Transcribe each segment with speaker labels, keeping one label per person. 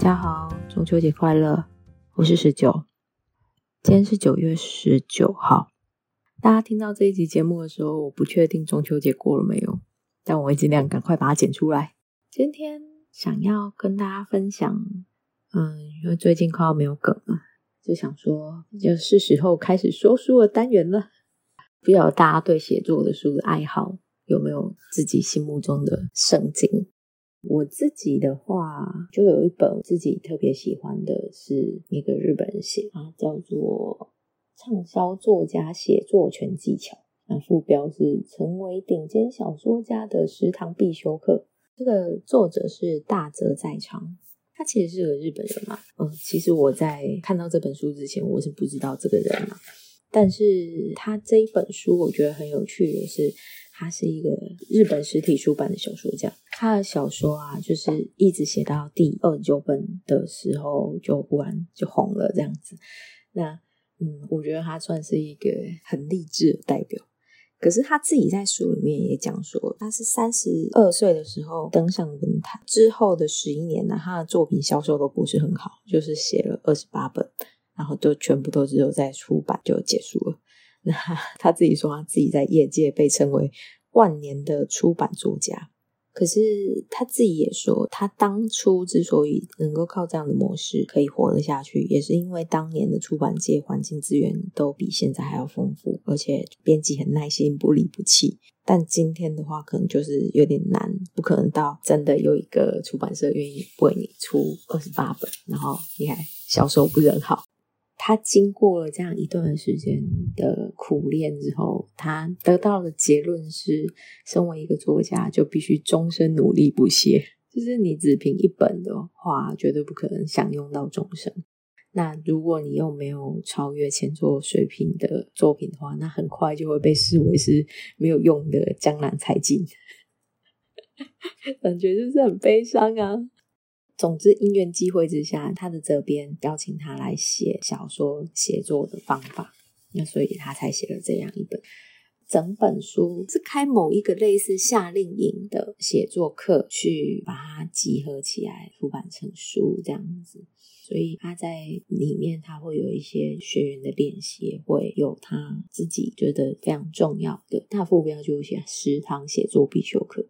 Speaker 1: 大家好，中秋節快樂！我是十九，今天是九月十九號。大家聽到這一集節目的時候，我不確定中秋節過了沒有，但我會盡量趕快把它剪出來。今天想要跟大家分享，嗯，因為最近快要沒有梗了，就想說，就是時候開始說書的單元了。嗯、不知道大家對寫作的書的愛好，有沒有自己心目中的聖經？我自己的話，就有一本我自己特別喜歡的，是一個日本人寫啊，叫做《暢銷作家寫作全技巧》，那副標是《成為頂尖小說家的十堂必修課》。這個作者是大澤在昌，他其實是個日本人嘛。嗯，其實我在看到這本書之前，我是不知道這個人嘛。但是他這一本書，我覺得很有趣的是。他是一個日本實體出版的小說家，他的小說啊，就是一直寫到第二十九本的時候就完，就紅了這樣子。那嗯，我覺得他算是一個很勵志的代表。可是他自己在書裡面也講說，他是三十二歲的時候登上文壇，之後的十一年呢、啊，他的作品銷售都不是很好，就是寫了二十八本，然後就全部都只有在出版就結束了。他自己說，他自己在業界被稱為“萬年的出版作家”。可是他自己也說，他當初之所以能夠靠這樣的模式可以活得下去，也是因為當年的出版界環境資源都比現在還要豐富，而且編輯很耐心，不離不棄。但今天的話，可能就是有點難，不可能到真的有一個出版社願意為你出二十八本，然後你還銷售不是很好。他經過了這樣一段時間的苦練之後，他得到的結論是：身為一個作家，就必須終身努力不懈。就是你只憑一本的話，絕對不可能享用到終身。那如果你又沒有超越前作水平的作品的話，那很快就會被視為是沒有用的江郎才盡。 感覺就是很悲傷啊。總之，因緣際會之下，他的責編邀請他來寫小說寫作的方法，那所以他才寫了這樣一本。整本書是開某一個類似夏令營的寫作課，去把它集合起來出版成書這樣子。所以他在裡面他會有一些學員的練習，會有他自己覺得非常重要的大副標，就寫十堂寫作必修課。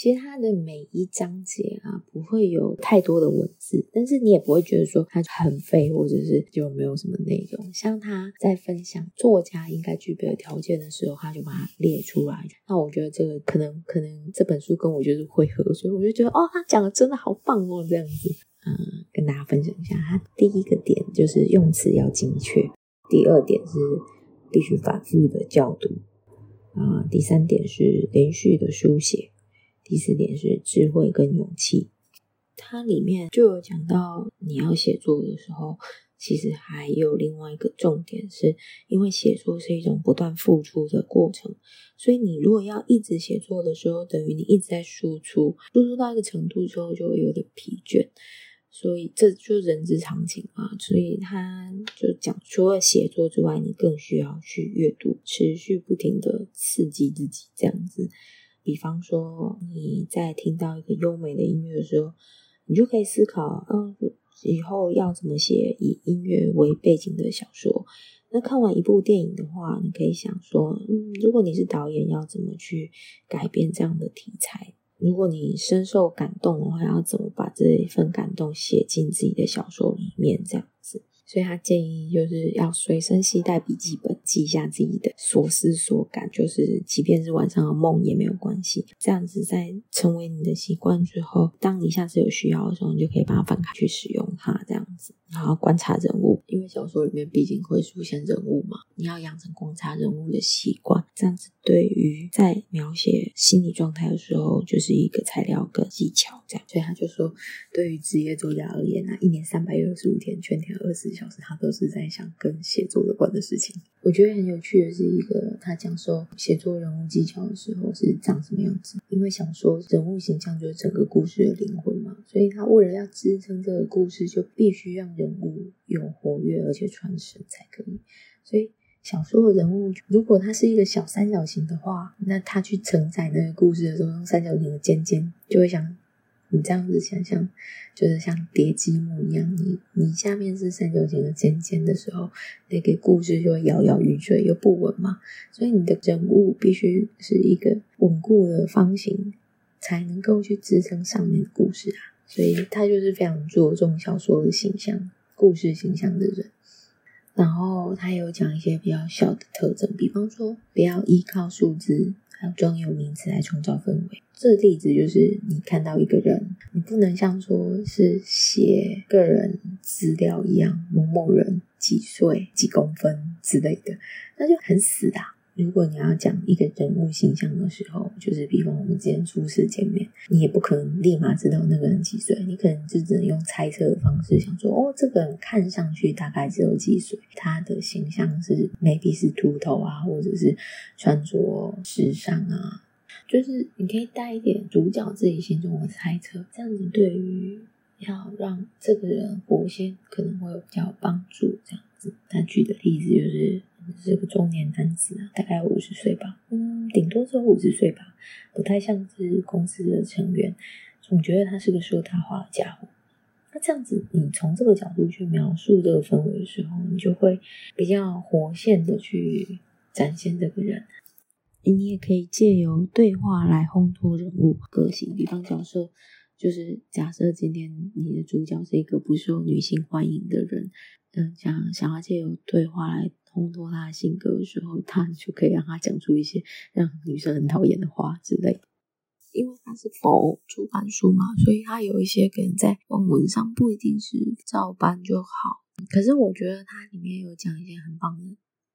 Speaker 1: 其實他的每一章節啊，不會有太多的文字，但是你也不會覺得說它很廢，或者是就沒有什麼內容。像他在分享作家應該具備的條件的時候，他就把它列出來。那我覺得這個可能可能這本書跟我就是會合，所以我就覺得哦，他講的真的好棒哦，這樣子。嗯，跟大家分享一下，他第一個點就是用詞要精確，第二點是必須反復的校讀，啊，第三點是連續的書寫。第四點是智慧跟勇氣，它裡面就有講到，你要寫作的時候，其實還有另外一個重點是，是因為寫作是一種不斷付出的過程，所以你如果要一直寫作的時候，等於你一直在輸出，輸出到一個程度之後，就會有點疲倦，所以這就是人之常情啊。所以他就講，除了寫作之外，你更需要去閱讀，持續不停的刺激自己，這樣子。比方說，你在聽到一個優美的音樂的時候，你就可以思考，嗯，以後要怎麼寫以音樂為背景的小說。那看完一部電影的話，你可以想說，嗯，如果你是導演，要怎麼去改變這樣的題材？如果你深受感動的話，要怎麼把這一份感動寫進自己的小說裡面，這樣子。所以他建議就是要隨身攜帶筆記本。記一下自己的所思所感，就是即便是晚上的夢也沒有關係。這樣子在成為你的習慣之後，當你下次有需要的時候，你就可以把它翻開去使用它，這樣子。然後觀察人物，因為小說裡面畢竟會出現人物嘛，你要養成觀察人物的習慣。這樣子對於在描寫心理狀態的時候，就是一個材料跟技巧，這樣。所以他就說，對於職業作家而言呢，啊，一年三百六十五天，全天二十四小時，他都是在想跟寫作有關的事情。為我覺得很有趣的是，一個他講說寫作人物技巧的時候是長什麼樣子。因為想說人物形象就是整個故事的靈魂嘛，所以他為了要支撐這個故事，就必須讓人物有活躍而且傳神才可以。所以小說的人物，如果他是一個小三角形的話，那他去承載那個故事的時候，用三角形的尖尖就會想。你這樣子想象，就是像疊積木一樣，你你下面是三角形的尖尖的時候，那個故事就會搖搖欲墜又不穩嘛。所以你的人物必須是一個穩固的方形，才能夠去支撐上面的故事啊。所以他就是非常着重小說的形象、故事形象的人。然後他有講一些比較小的特徵，比方說不要依靠數字還有專有名詞來創造氛圍。這例子就是你看到一個人，你不能像說是寫個人資料一樣，某某人幾歲、幾公分之類的，那就很死的。如果你要講一個人物形象的時候，就是比方我們之前初次見面，你也不可能立馬知道那個人幾歲，你可能就只能用猜測的方式，想說哦，這個人看上去大概只有幾歲，他的形象是 maybe 是禿頭啊，或者是穿着時尚啊。就是你可以帶一點主角自己心中的猜測，這樣子對於要讓這個人活現可能會有比較有幫助。這樣子，他舉的例子就是，是個中年男子啊，大概五十歲吧，嗯，頂多只有五十歲吧，不太像是公司的成員，總覺得他是個說大話的傢伙。那這樣子，你從這個角度去描述這個氛圍的時候，你就會比較活現的去展現這個人。你也可以借由對話來烘托人物個性，比方假設就是假設今天你的主角是一個不受女性歡迎的人，嗯，想想要借由對話來烘托他的性格的時候，他就可以讓他講出一些讓女生很討厭的話之類的。因為他是否出版書嘛，所以他有一些可能在網文上不一定是照搬就好。可是我覺得他裡面有講一些很棒的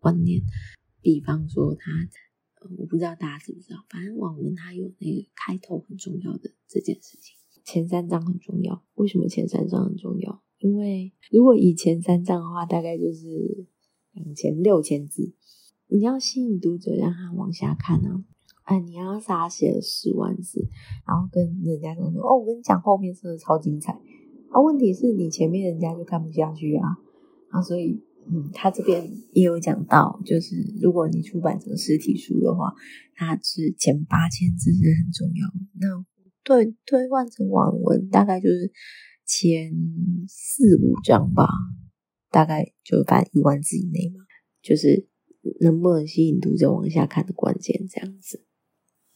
Speaker 1: 觀念，比方說他。嗯、我不知道大家知不知道，反正網文它有那個開頭很重要的這件事情，前三章很重要。為什麼前三章很重要？因為如果以前三章的話，大概就是兩千六千字，你要吸引讀者讓他往下看啊。哎，你要傻寫了十萬字，然後跟人家都說：“哦，我跟你講，後面真的超精彩。”啊，問題是你前面人家就看不下去啊，啊，所以。嗯，他這邊也有講到，就是如果你出版成實體書的話，它是前八千字是很重要的。那對，對，換成網文大概就是前四五章吧，大概就反正一萬字以內嘛，就是能不能吸引讀者往下看的關鍵，這樣子。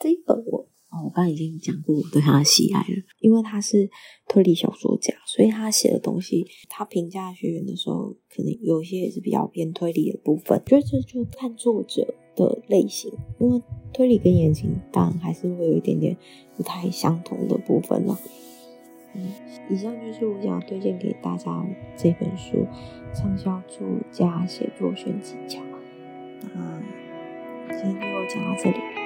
Speaker 1: 這一本我。我剛剛已經講過我對他的喜愛了，因為他是推理小說家，所以他寫的東西，他評價學員的時候，可能有些也是比較偏推理的部分。覺得這就看作者的類型，因為推理跟言情當然還是會有一點點不太相同的部分了。嗯，以上就是我想要推薦給大家這本書《暢銷作家寫作全技巧》。那、嗯、今天就有講到這裡。